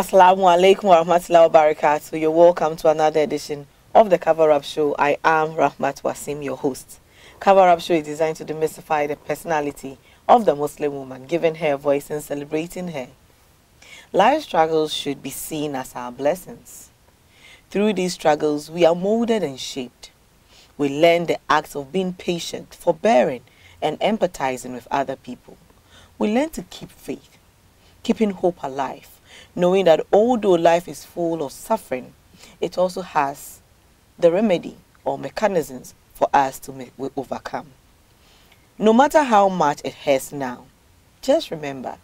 Assalamu alaikum wa rahmatullahi wa barakatuh. You're welcome to another edition of the Cover Up Show. I am Rahmat Wasim, your host. Cover Up Show is designed to demystify the personality of the Muslim woman, giving her a voice and celebrating her. Life struggles should be seen as our blessings. Through these struggles, we are molded and shaped. We learn the acts of being patient, forbearing, and empathizing with other people. We learn to keep faith, keeping hope alive, knowing that although life is full of suffering, it also has the remedy or mechanisms for us to make, overcome. No matter how much it hurts now, just remember,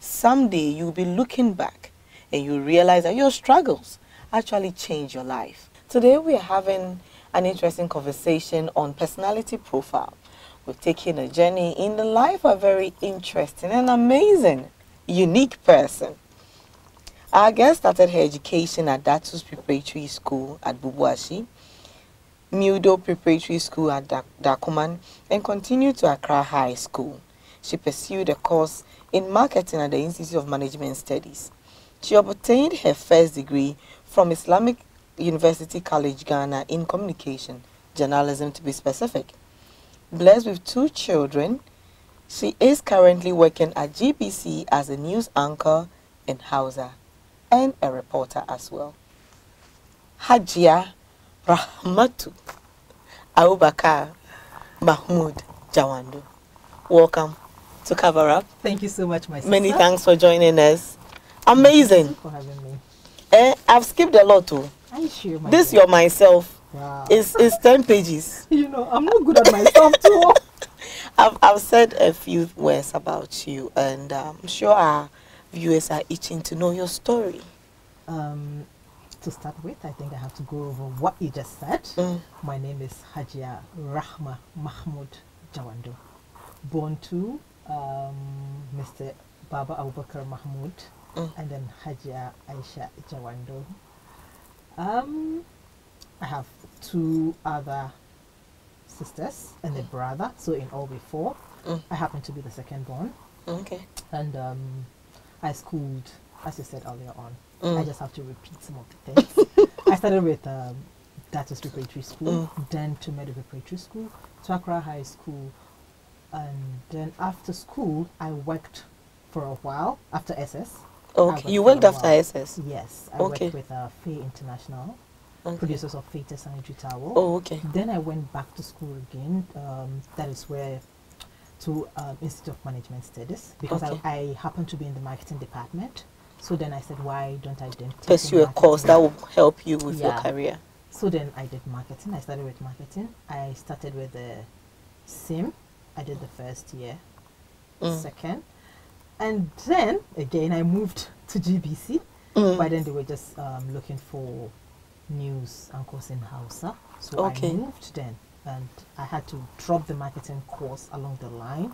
someday you'll be looking back and you will realize that your struggles actually change your life. Today we are having an interesting conversation on personality profile. We've taken a journey in the life of a very interesting and amazing, unique person. Our girl started her education at Datus Preparatory School at Bubuashi, Mildo Preparatory School at Dakuman, and continued to Accra High School. She pursued a course in marketing at the Institute of Management Studies. She obtained her first degree from Islamic University College Ghana in communication, journalism to be specific. Blessed with two children, she is currently working at GBC as a news anchor in Hausa and a reporter as well. Hajia Rahmatu Abubakar Mahmoud Jawando. Welcome to Cover Up. Thank you so much, my sister. Many thanks for joining us. Amazing. Thank you for having me. Eh, I've skipped a lot too. Oh. I sure, my This you're myself. Wow. It's, it's 10 pages. you know, I'm not good at myself too. I've, I've said a few words about you and I'm sure our viewers are itching to know your story? Um, to start with, I think I have to go over what you just said. Mm. My name is Hajia Rahma Mahmoud Jawando, born to um, Mr. Baba Abubakar Mahmoud mm. and then Hajia Aisha Jawando. Um, I have two other sisters and a mm. brother, so in all before four. Mm. I happen to be the second born. Okay. And um, I schooled, as you said earlier on. Mm. I just have to repeat some of the things. I started with um, Datus Preparatory School, mm. then to medical Preparatory School, to Accra High School, and then after school, I worked for a while after SS. Okay, you worked after while. SS? Yes, I okay. worked with uh, Faye International, okay. producers of Faye Sanitary Towel. Oh, okay. Then I went back to school again. Um, that is where to um, Institute of Management Studies because okay. I, I happen to be in the marketing department. So then I said, why don't I then pursue a course that will help you with yeah. your career? So then I did marketing. I started with marketing. I started with the sim. I did the first year, mm. second, and then again I moved to GBC. Mm. By then they were just um, looking for news and course in Hausa, so okay. I moved then and I had to drop the marketing course along the line.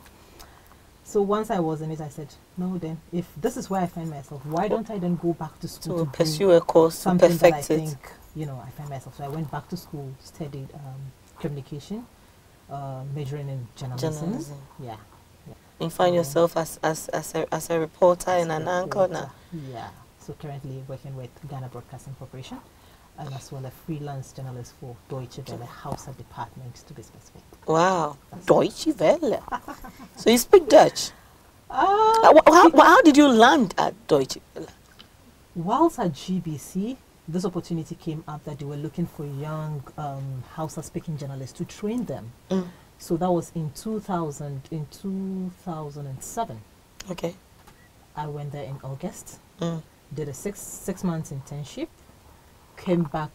So once I was in it, I said, no, then if this is where I find myself, why don't I then go back to school to, to pursue a course something that I it. think you know I find myself. So I went back to school, studied um, communication, uh, majoring in journalism. journalism. Yeah. yeah. And find um, yourself as as as a, as a reporter as an anchor now. Yeah. So currently working with Ghana Broadcasting Corporation and as well a freelance journalist for Deutsche Welle Hausa department to be specific. Wow, That's Deutsche Welle. so you speak Dutch. Uh, how, how, did you land at Deutsche Welle? Whilst at GBC, this opportunity came up that they were looking for young um, Hausa speaking journalists to train them. Mm. So that was in 2000, in 2007. Okay. I went there in August, mm. did a six six months internship, came back.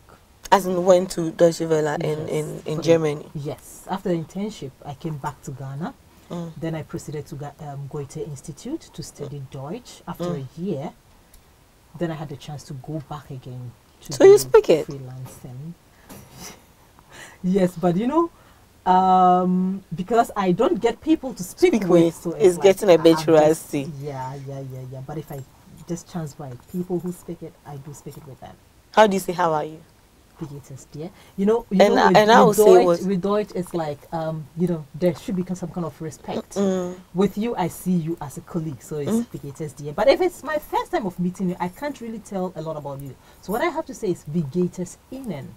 As in went to Deutsche Welle yes, in, in, in Germany? The, yes. After the internship, I came back to Ghana. Mm. Then I proceeded to um, Goethe Institute to study mm. Deutsch after mm. a year. Then I had the chance to go back again to so you speak freelancing. it? freelancing. yes, but you know, um, because I don't get people to speak, speak with, so it's, it's like getting a bit rusty. Yeah, yeah, yeah, yeah. But if I just chance by people who speak it, I do speak it with them. How do you say, how are you? Greetings, dear. You know, you and, know with, and I will say Deutsch, with Deutsch, it's like, um, you know, there should be some kind of respect. Mm. With you, I see you as a colleague, so it's mm. dear. But if it's my first time of meeting you, I can't really tell a lot about you. So what I have to say is Vigatus Innen.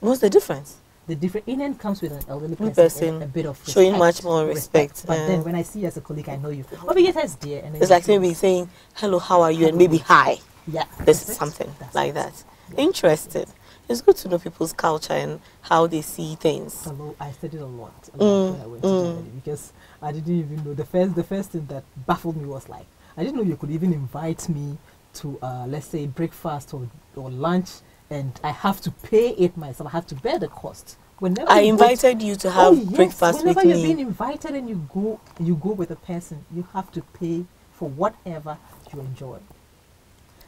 What's the difference? the different Indian comes with an elderly person, person a bit of respect, showing much more respect. respect. But yeah. then when I see you as a colleague, I know you. Obviously, dear. And it's like maybe saying hello, how are you, hello. and maybe hi. Yeah. This is something that's like that. Yeah. Interesting. It's good to know people's culture and how they see things. I studied a lot mm. I went mm. to Germany because I didn't even know the first the first thing that baffled me was like I didn't know you could even invite me to uh, let's say breakfast or, or lunch and I have to pay it myself. I have to bear the cost. Whenever I you invited to, you to have oh, yes, breakfast whenever you're me. being invited and you go you go with a person, you have to pay for whatever you enjoy.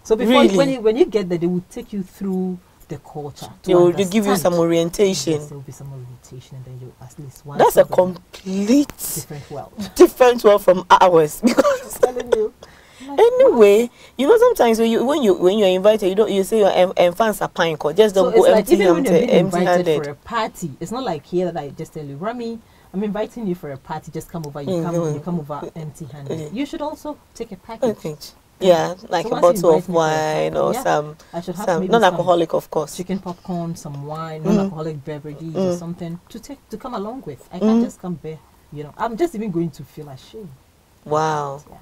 So before really? when you, when you get there, they will take you through the culture. They will give you some orientation. Yes, there will be some orientation, and then you at least one. That's a complete different world. Different world from ours because. like anyway, what? you know sometimes when you when you when you're invited, you don't you say your um, fans are pine called. Just don't so go empty like empty, empty, empty handed. For a party, it's not like here that I just tell you, Rami, I'm inviting you for a party. Just come over. You mm -hmm. come. You come over empty handed. Mm -hmm. You should also take a package. Okay yeah, like so a bottle of wine or yeah. some some non-alcoholic, of course. Chicken popcorn, some wine, mm. non-alcoholic beverages mm. or something to take to come along with. I can't mm. just come bare. You know, I'm just even going to feel ashamed. Wow. Yeah.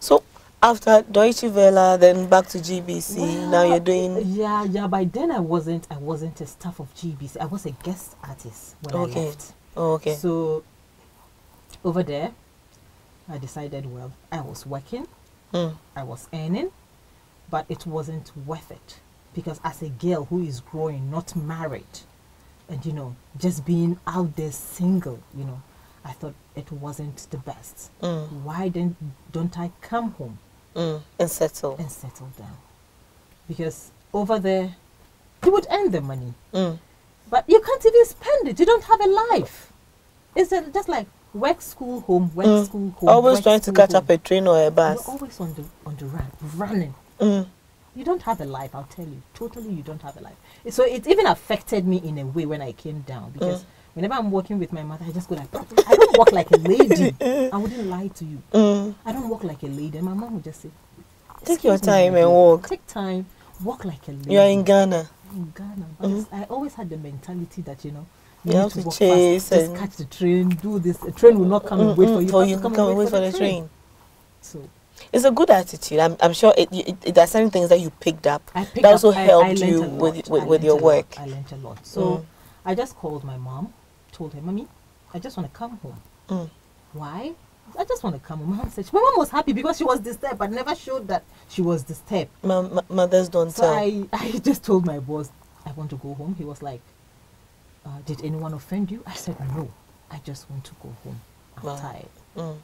So after Deutsche Welle, then back to GBC. Well, now you're doing. Yeah, yeah. By then I wasn't. I wasn't a staff of GBC. I was a guest artist when okay. I left. Oh, okay. So over there, I decided. Well, I was working mm. I was earning, but it wasn't worth it because as a girl who is growing, not married, and you know, just being out there single, you know, I thought it wasn't the best. Mm. Why then don't I come home mm. and settle and settle down? Because over there, you would earn the money, mm. but you can't even spend it. You don't have a life. It's a, just like work, school, home, work, mm. school, home. Always trying to catch home. up a train or a bus. you are always on the on the run, running. Mm. You don't have a life, I'll tell you. Totally, you don't have a life. So it even affected me in a way when I came down because mm. whenever I'm walking with my mother, I just go like, I don't walk like a lady. Mm. I wouldn't lie to you. Mm. I don't walk like a lady. And my mom would just say, Take your time and walk. Take time, walk like a lady. You're in Ghana. in Ghana. Mm-hmm. I always had the mentality that, you know, you, have to, to chase. Fast. Just catch the train. Do this. A train will not come mm, and wait mm, for you. For you come, and wait for, for the, the train. train. So. It's a good attitude. I'm, I'm sure it, it, it, there are certain things that you picked up picked that also helped I, I you with, with, with your work. Lot. I learned a lot. So mm. I just called my mom, told her, Mommy, I just want to come home. Mm. Why? I just want to come home. My mom said, My mom was happy because she was disturbed, but never showed that she was disturbed. My, my mothers don't so tell. I, I just told my boss, I want to go home. He was like, uh, did anyone offend you? I said, no, I just want to go home. I'm tired. Mm.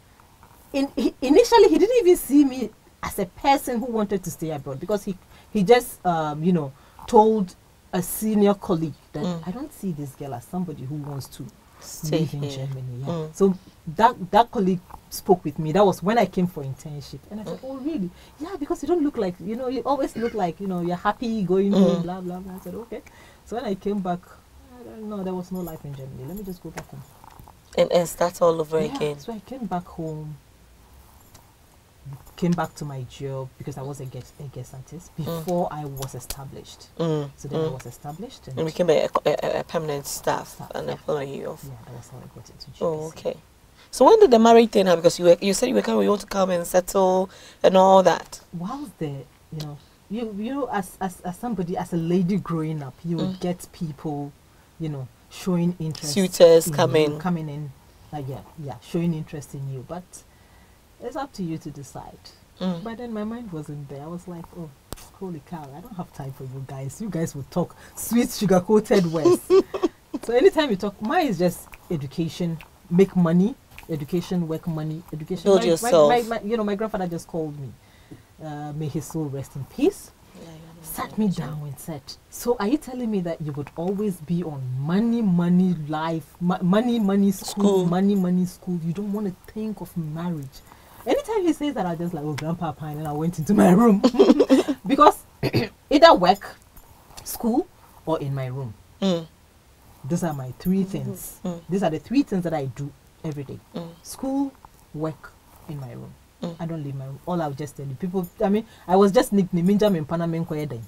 In, he, initially, he didn't even see me as a person who wanted to stay abroad because he, he just, um, you know, told a senior colleague that mm. I don't see this girl as somebody who wants to stay live in here. Germany. Yeah. Mm. So that, that colleague spoke with me. That was when I came for internship. And I said, mm. oh, really? Yeah, because you don't look like, you know, you always look like, you know, you're happy going mm. home, blah, blah, blah. I said, okay. So when I came back no, there was no life in Germany. Let me just go back home. And, and start all over yeah, again. So I came back home, came back to my job because I was a guest, a guest artist mm. before mm. I was established. Mm. So then mm. I was established. And, and became a, a, a permanent staff, staff and yeah. employee of. Yeah, that was how I got into GBC. Oh, okay. So when did the marriage thing happen? Because you were, you said you were coming, you want to come and settle and all that. While there, you know, you you as as, as somebody as a lady growing up, you mm. would get people you know, showing interest. Suitors in coming. Coming in. yeah, yeah, showing interest in you. But it's up to you to decide. Mm. But then my mind wasn't there. I was like, oh, holy cow, I don't have time for you guys. You guys will talk sweet, sugar coated words. so anytime you talk, mine is just education, make money, education, work money, education. Build my, yourself. My, my, you know, my grandfather just called me. Uh, may his soul rest in peace sat me down and said, So are you telling me that you would always be on money, money life, money, money school, school, money, money school? You don't want to think of marriage. Anytime he says that, i just like, Oh, Grandpa Pine, and I went into my room. because either work, school, or in my room. Mm. Those are my three things. Mm. mm. These are the three things that I do every day mm. school, work, in my room. Mm. I don't leave my room. All I'll just tell you. People, I mean, I was just nicknaming them in Panama in Kweden.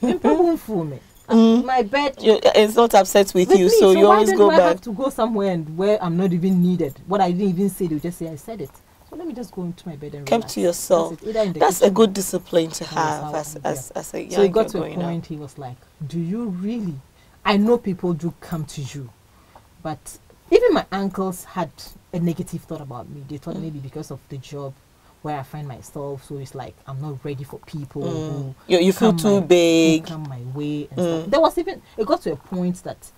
People won't fool me. Mm. My bed you, not upset with, you, me, so, so you always go I back. I have to go somewhere and where I'm not even needed. What I didn't even say, they'll just say I said it. So let me just go into my bed and Kept to yourself. That's, That's a good discipline to have as, as, as, a young So he got to a point, up. he was like, do you really? I know people do come to you, but even my uncles had a negative thought about me. They thought mm. maybe because of the job where I find myself, so it's like I'm not ready for people. Mm. you, you feel too my, big. Come my way. Mm. There was even it got to a point that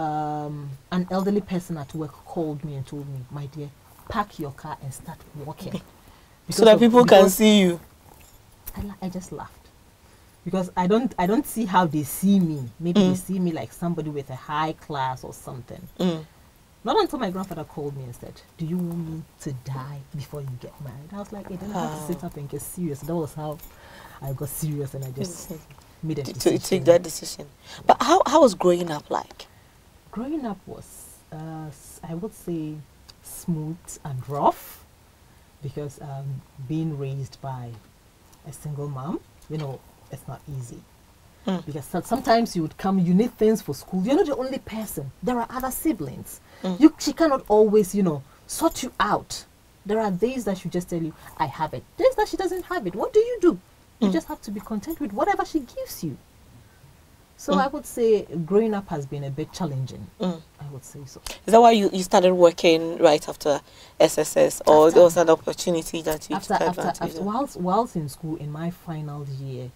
um, an elderly person at work called me and told me, "My dear, pack your car and start walking, so that of, people can see you." I, I just laughed because I don't I don't see how they see me. Maybe mm. they see me like somebody with a high class or something. Mm. Not until my grandfather called me and said, Do you want me to die before you get married? I was like, I didn't have to sit up and get serious. That was how I got serious and I just made a decision. To take that decision. But how, how was growing up like? Growing up was, uh, I would say, smooth and rough because um, being raised by a single mom, you know, it's not easy. Mm. Because sometimes you would come, you need things for school. You're not the only person. There are other siblings. Mm. You, she cannot always, you know, sort you out. There are days that she just tell you, I have it. Days that she doesn't have it. What do you do? You mm. just have to be content with whatever she gives you. So mm. I would say growing up has been a bit challenging. Mm. I would say so. Is that why you, you started working right after SSS after, or there was an opportunity that you after, took advantage after, whilst, whilst in school in my final year,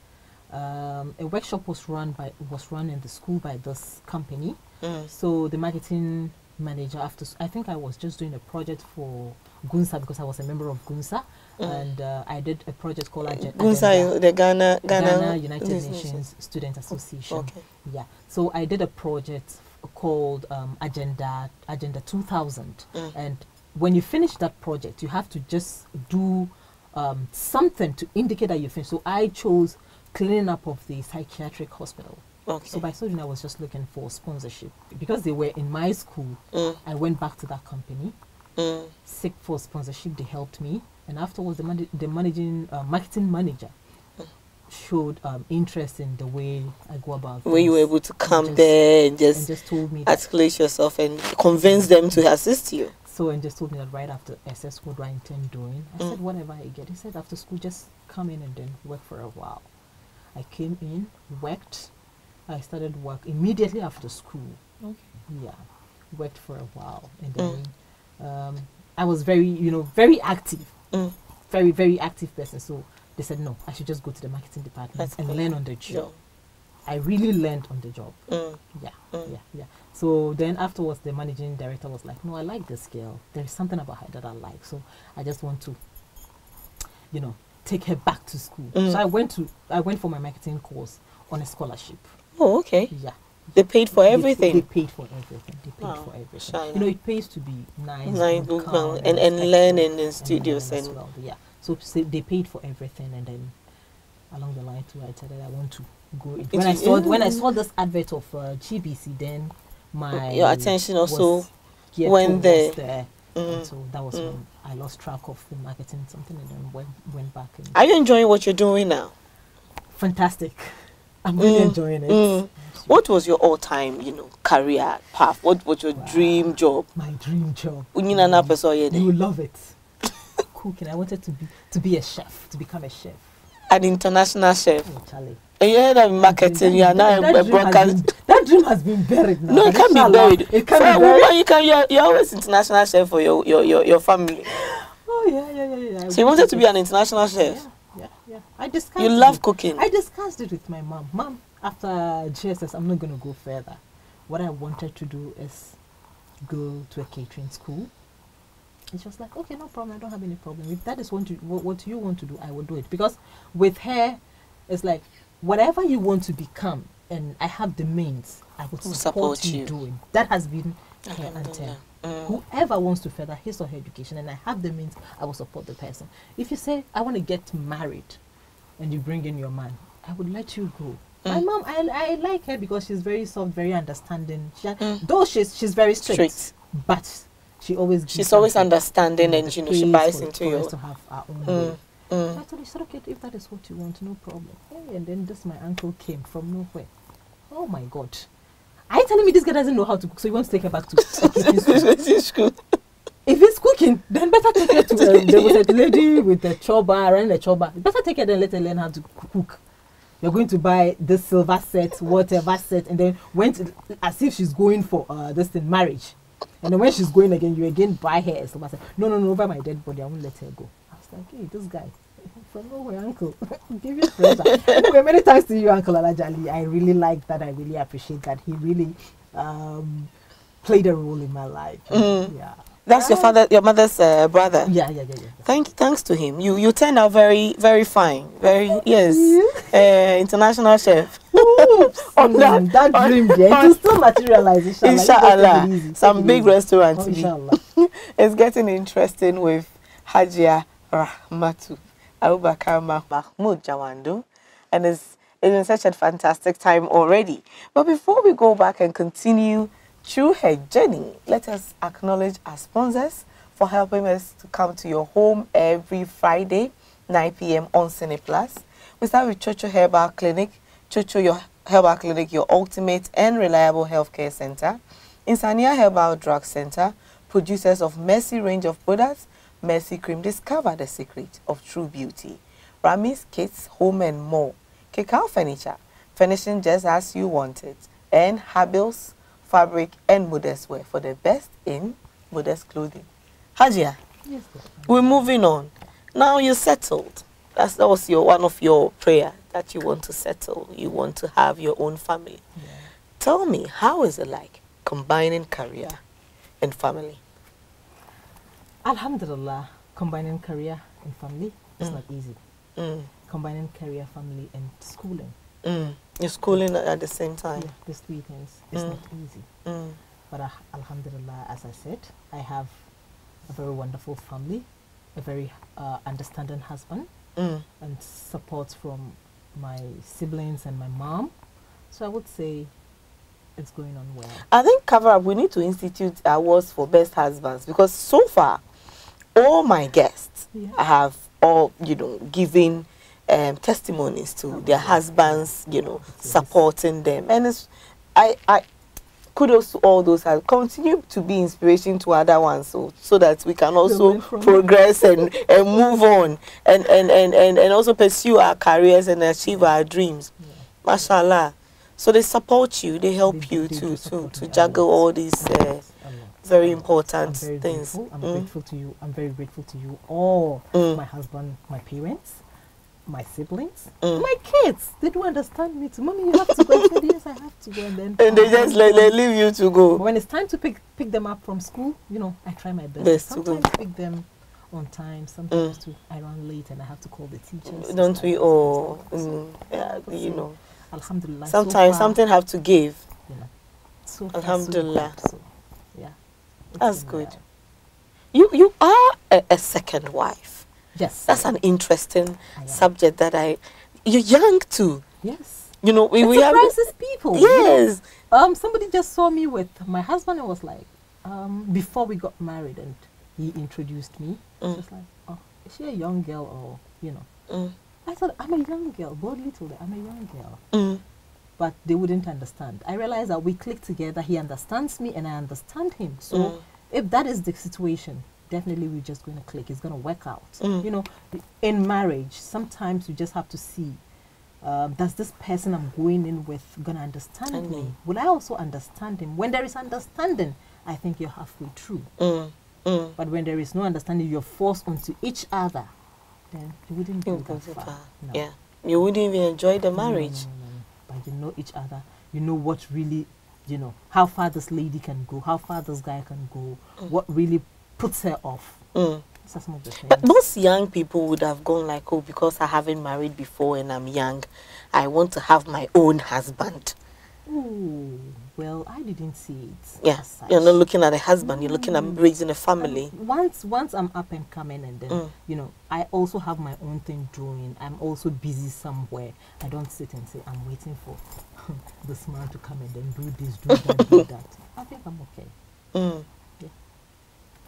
um, a workshop was run by was run in the school by this company. Mm. So the marketing manager after I think I was just doing a project for Gunsa because I was a member of Gunsa mm. and uh, I did a project called Agenda, Gunsa the Ghana Ghana, Ghana United Nations, Nations Student Association. Okay. Yeah. So I did a project called um, Agenda Agenda 2000 mm. and when you finish that project you have to just do um, something to indicate that you finished. So I chose cleaning up of the psychiatric hospital. Okay. So by so doing, I was just looking for sponsorship because they were in my school. Mm. I went back to that company, mm. seek for sponsorship. They helped me, and afterwards, the, man- the managing uh, marketing manager showed um, interest in the way I go about. When you were able to come and just, there and just, and just told me articulate yourself and convince them to assist you. So and just told me that right after SS, what do I intend doing? I mm. said whatever I get. He said after school, just come in and then work for a while. I came in, worked. I started work immediately after school. Okay. Yeah, worked for a while, and mm. then mm. um, I was very, you know, very active, mm. very very active person. So they said no, I should just go to the marketing department That's and cool. learn on the job. Yeah. I really learned on the job. Mm. Yeah, mm. yeah, yeah. So then afterwards, the managing director was like, "No, I like this girl. There is something about her that I like. So I just want to, you know, take her back to school. Mm. So I went to I went for my marketing course on a scholarship. Oh, okay. Yeah. They paid for everything. They, they paid for everything. They paid wow. for everything. China. You know, it pays to be nice, nice and, calm, and, and, and learn in, studios and, well. yeah. So, so, they paid for everything, and then along the line too, I that I want to go. It, when I saw when I saw this advert of uh, GBC, then my your attention also was, yeah, went there. there. Mm. So that was mm. when I lost track of the marketing something and then went, went back. Are you enjoying what you're doing now? Fantastic. I'm really mm. enjoying it. Mm. What was your all-time, you know, career path? What was your wow. dream job? My dream job. Mm. You love it. Cooking. I wanted to be to be a chef, to become a chef. An international chef. Oh, Charlie. And you heard of marketing, you are now a broadcast. dream has been buried now. No, it can't be buried. It can't be buried. Well, you can, you're, you're always international chef for your, your, your, your family. Oh, yeah, yeah, yeah. yeah. So you wanted to be an international chef? Yeah. Yeah, yeah. I discussed. You love it. cooking. I discussed it with my mom. Mom, after GSS, I'm not going to go further. What I wanted to do is go to a catering school. And she was like, okay, no problem. I don't have any problem. If that is what you, what you want to do, I will do it. Because with her, it's like, whatever you want to become, and I have the means, I would support, support you, doing. That has been her anthem. Mm. Whoever wants to further his or her education, and I have the means, I will support the person. If you say, I want to get married, and you bring in your man, I would let you go. Mm. My mom, I, I like her because she's very soft, very understanding. She, mm. Though she's she's very strict, strict. but she always she's always understanding, and you know she buys into you. To have our own mm. Mm. Actually, okay. if that is what you want, no problem. Hey, and then this my uncle came from nowhere. Oh my God. Are you telling me this guy doesn't know how to cook, so he wants to take her back to school? if he's cooking, then better take her to uh, there was a lady with the choba, running the choba. Better take her then let her learn how to cook. You're going to buy this silver set, whatever set, and then went as if she's going for uh, this thing marriage. And then when she's going again, you again buy her a silver set. No, no, no, over my dead body, I won't let her go. It's like, hey, this guy from nowhere, uncle. Give you praise. anyway, many thanks to you, Uncle Alajali. I really like that. I really appreciate that. He really um, played a role in my life. Mm. Yeah. That's yeah. your father, your mother's uh, brother. Yeah, yeah, yeah, yeah. Thank, thanks to him, you you turned out very, very fine. Very yes, uh, international chef. on that, that on, dream, yeah, it is still materialization. Inshallah, like, some big restaurants. Oh, inshallah, it's getting interesting with Hajia. Rahmatu Abubakar Mahmoud Jawandu, and it's, it's been such a fantastic time already. But before we go back and continue through her journey, let us acknowledge our sponsors for helping us to come to your home every Friday, 9 p.m. on Cineplus. We start with Chocho Herbal Clinic. Chocho your Herbal Clinic, your ultimate and reliable healthcare center. Insania Herbal Drug Center, producers of Mercy range of products Mercy Cream, discover the secret of true beauty. Rami's Kids Home and More, Kikau Furniture, finishing just as you want it, and Habil's Fabric and Modest Wear for the best in modest clothing. Hajia, yes, we're moving on. Now you're settled. That's, that was your, one of your prayer that you want to settle. You want to have your own family. Yeah. Tell me, how is it like combining career and family? Alhamdulillah, combining career and family is mm. not easy. Mm. Combining career, family, and schooling. Mm. You're schooling at the same time. Yeah, this weekends it's mm. not easy. Mm. But uh, Alhamdulillah, as I said, I have a very wonderful family, a very uh, understanding husband, mm. and support from my siblings and my mom. So I would say it's going on well. I think cover up. We need to institute awards for best husbands because so far all my guests yeah. have all, you know, given um, testimonies to oh, their yeah. husbands, you know, yes. supporting them. And it's, I, I, kudos to all those have continue to be inspiration to other ones so, so that we can also progress and, and move on and, and, and, and, and also pursue our careers and achieve our dreams. Yeah. Mashallah. So they support you, they help they, you they to, to, to juggle all these uh, very important I'm very things. Grateful. I'm mm. grateful to you. I'm very grateful to you all. Mm. My husband, my parents, my siblings, mm. my kids. They do understand me To Mommy, you have to go. I said, yes, I have to go. And then and they just let, let leave you to go. But when it's time to pick pick them up from school, you know, I try my best. best Sometimes to go. pick them on time. Sometimes mm. I run late and I have to call the teachers. Don't we all? Mm. So, yeah, so, you know. Alhamdulillah. Sometimes so something have to give. Yeah. So Alhamdulillah. Far, so, yeah. That's good. You, you are a, a second wife. Yes. That's an interesting subject that I... You're young too. Yes. You know, we, it we surprises have, people. Yes. You know? um, somebody just saw me with my husband and was like, um, before we got married and he introduced me, mm. just like, oh, is she a young girl or, you know. Mm. I thought, I'm a young girl. Both little. I'm a young girl. Mm but they wouldn't understand. I realized that we click together. He understands me, and I understand him. So mm. if that is the situation, definitely we're just going to click. It's going to work out. Mm. You know, in marriage, sometimes you just have to see. Um, does this person I'm going in with gonna understand mm. me? Will I also understand him? When there is understanding, I think you're halfway through. Mm. Mm. But when there is no understanding, you're forced onto each other. Then you wouldn't go, that far. far. No. Yeah, you wouldn't even enjoy the marriage know each other you know what really you know how far this lady can go how far this guy can go mm. what really puts her off mm. But most young people would have gone like, oh, because I haven't married before and I'm young, I want to have my own husband oh, well, I didn't see it. Yes, yeah. you're not looking at a husband, mm. you're looking at mm. raising a family. And um, once, once I'm up and coming, and then mm. you know, I also have my own thing doing. I'm also busy somewhere. I don't sit and say I'm waiting for this man to come and then do this, do that, do that. I think I'm okay. Mm.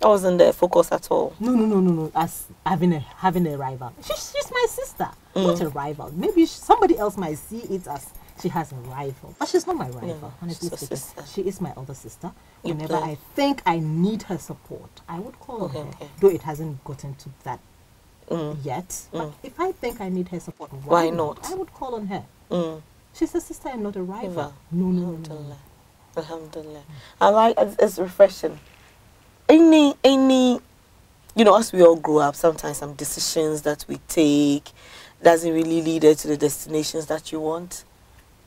I wasn't there focus at all. No, no, no, no, no. As having a having a rival. She, she's my sister, not mm. a rival. Maybe somebody else might see it as she has a rival, but she's not my rival. Yeah, honestly speaking, she is my older sister. You Whenever play. I think I need her support, I would call okay, her. Okay. Though it hasn't gotten to that mm. yet, mm. but if I think I need her support, why, why not? I would call on her. Mm. She's a sister and not a rival. No, no, no. Alhamdulillah. Mm. I like it's, it's refreshing. Any any you know, as we all grow up, sometimes some decisions that we take doesn't really lead us to the destinations that you want.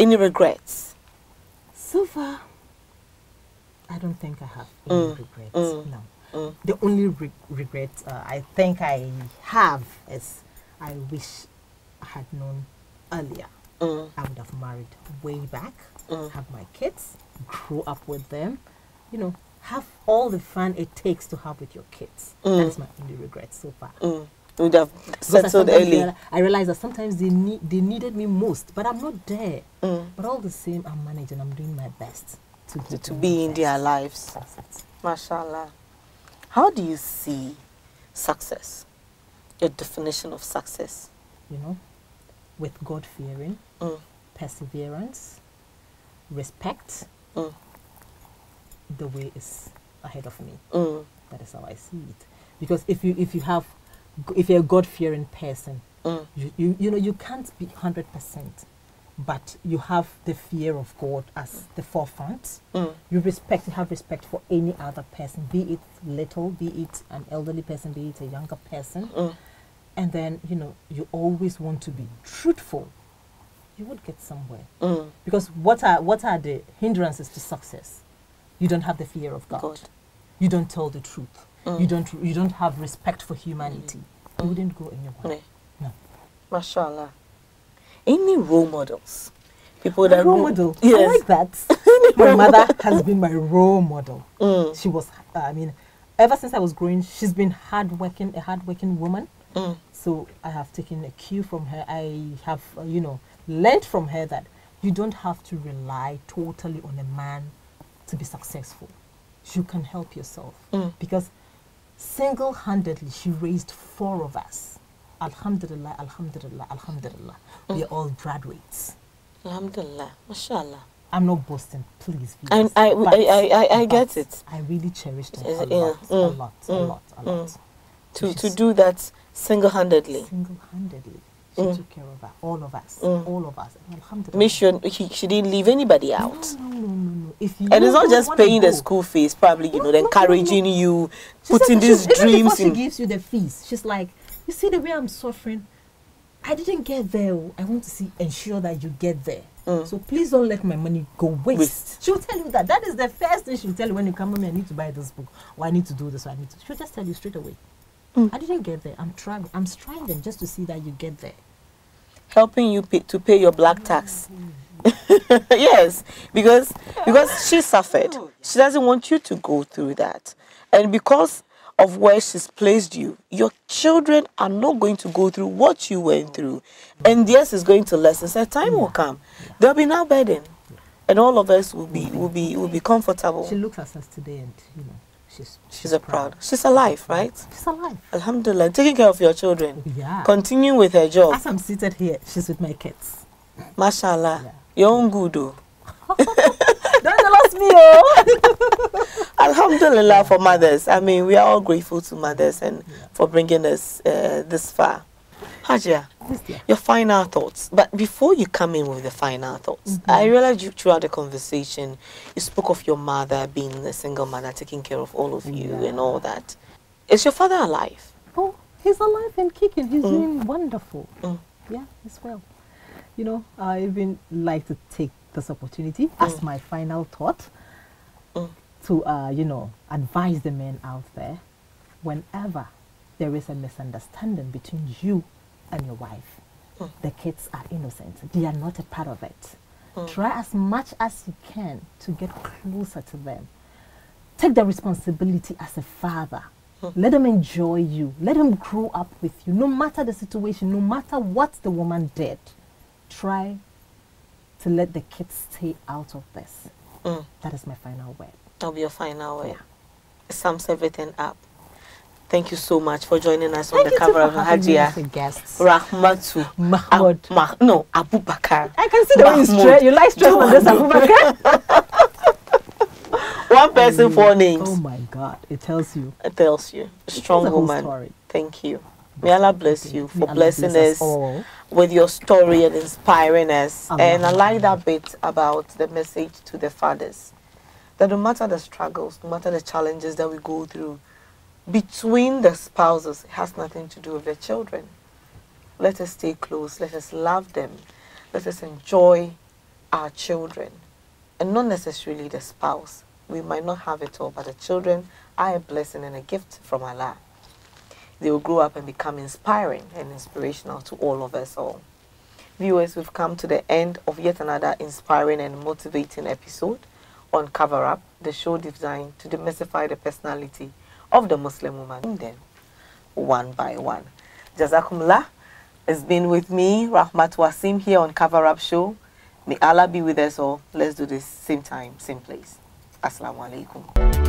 Any regrets? So far, I don't think I have any mm. regrets. Mm. No. Mm. The only re regret uh, I think I have is I wish I had known earlier. Mm. I would have married way back, mm. have my kids, grow up with them, you know, have all the fun it takes to have with your kids. Mm. That's my only regret so far would have settled early. I realized that sometimes they need they needed me most, but I'm not there. Mm. But all the same, I'm managing. I'm doing my best to to, to be in best. their lives. Mashallah. How do you see success? Your definition of success? You know, with God fearing, mm. perseverance, respect. Mm. The way is ahead of me. Mm. That is how I see it. Because if you if you have if you're a God fearing person, mm. you, you, you know, you can't be 100%, but you have the fear of God as the forefront. Mm. You respect, you have respect for any other person, be it little, be it an elderly person, be it a younger person. Mm. And then, you know, you always want to be truthful. You would get somewhere. Mm. Because what are, what are the hindrances to success? You don't have the fear of God. God. You don't tell the truth mm. you don't you don't have respect for humanity, mm. you wouldn't go anywhere. Mm. No. Mashallah. Any role models? People that role, role model. Yes. I like that. my mother has been my role model. Mm. She was. Uh, I mean, ever since I was growing, she's been hardworking, a hardworking woman. Mm. So I have taken a cue from her. I have, uh, you know, learned from her that you don't have to rely totally on a man to be successful. You can help yourself. Mm. Because Single handedly, she raised four of us. Alhamdulillah, Alhamdulillah, Alhamdulillah. Mm. We're all graduates. Alhamdulillah, mashallah. I'm not boasting, please. And I, I, I, I, get it. I really cherished it mm, a, lot, a lot, a mm, lot, a mm. lot. To, to do that single handedly. Single handedly. She mm. took care of her, all of us, mm. all of us. Mission. she, she didn't leave anybody out. No, no, no, no. If you and it's not just paying the school fees, probably you no, know, no, encouraging you, she putting these she, dreams. Even in she gives you the fees, she's like, you see the way I'm suffering. I didn't get there. Oh. I want to see ensure that you get there. Mm. So please don't let my money go waste. waste. She'll tell you that. That is the first thing she'll tell you when you come home. I need to buy this book, or I need to do this, or I need to. She'll just tell you straight away. Mm. How did you get there? I'm trying. I'm striving just to see that you get there. Helping you pay, to pay your black tax. yes, because because she suffered. She doesn't want you to go through that, and because of where she's placed you, your children are not going to go through what you went through, and yes, is going to lessen. So time will come. There'll be no burden, and all of us will be will be will be comfortable. She looks at us today, and you know. She's, she's, a proud. proud. She's alive, right? She's alive. Alhamdulillah. Taking care of your children. Yeah. Continue with her job. As I'm seated here, she's with my kids. Mashallah. Yeah. Your own gudu. Don't lost me, oh. Alhamdulillah for mothers. I mean, we are all grateful to mothers and yeah. for bringing us uh, this far. Hajia, your final thoughts. But before you come in with the final thoughts, mm -hmm. I realized you, throughout the conversation, you spoke of your mother being a single mother, taking care of all of you yeah. and all that. Is your father alive? Oh, he's alive and kicking. He's mm. doing wonderful. Mm. Yeah, he's well. You know, I even like to take this opportunity mm. as my final thought mm. to, uh, you know, advise the men out there whenever there is a misunderstanding between you and your wife. Mm. The kids are innocent. They are not a part of it. Mm. Try as much as you can to get closer to them. Take the responsibility as a father. Mm. Let them enjoy you. Let them grow up with you. No matter the situation, no matter what the woman did, try to let the kids stay out of this. Hmm. That is my final word. That'll be your final word. Yeah. It sums everything up. Thank you so much for joining us Thank on the cover of Hadia. Rahmatu. Mahmoud. Ab Mah no, I can see the way you You like stress on this One person, um, four names. Oh my God. It tells you. It tells you. Strong woman. Story. Thank you. May Allah bless you for blessing bless us, us with your story and inspiring us. Amen. And I like that bit about the message to the fathers. That no matter the struggles, no matter the challenges that we go through, between the spouses. It has nothing to do with the children. Let us stay close. Let us love them. Let us enjoy our children and not necessarily the spouse. We might not have it all, but the children are a blessing and a gift from Allah. They will grow up and become inspiring and inspirational to all of us all. Viewers, we've come to the end of yet another inspiring and motivating episode on Cover Up, the show designed to demystify the personality of the Muslim woman then one by one. Jazakumullah has been with me, Rahmat Wasim, here on Cover Up Show. May Allah be with us all. Let's do this same time, same place. Assalamu alaikum.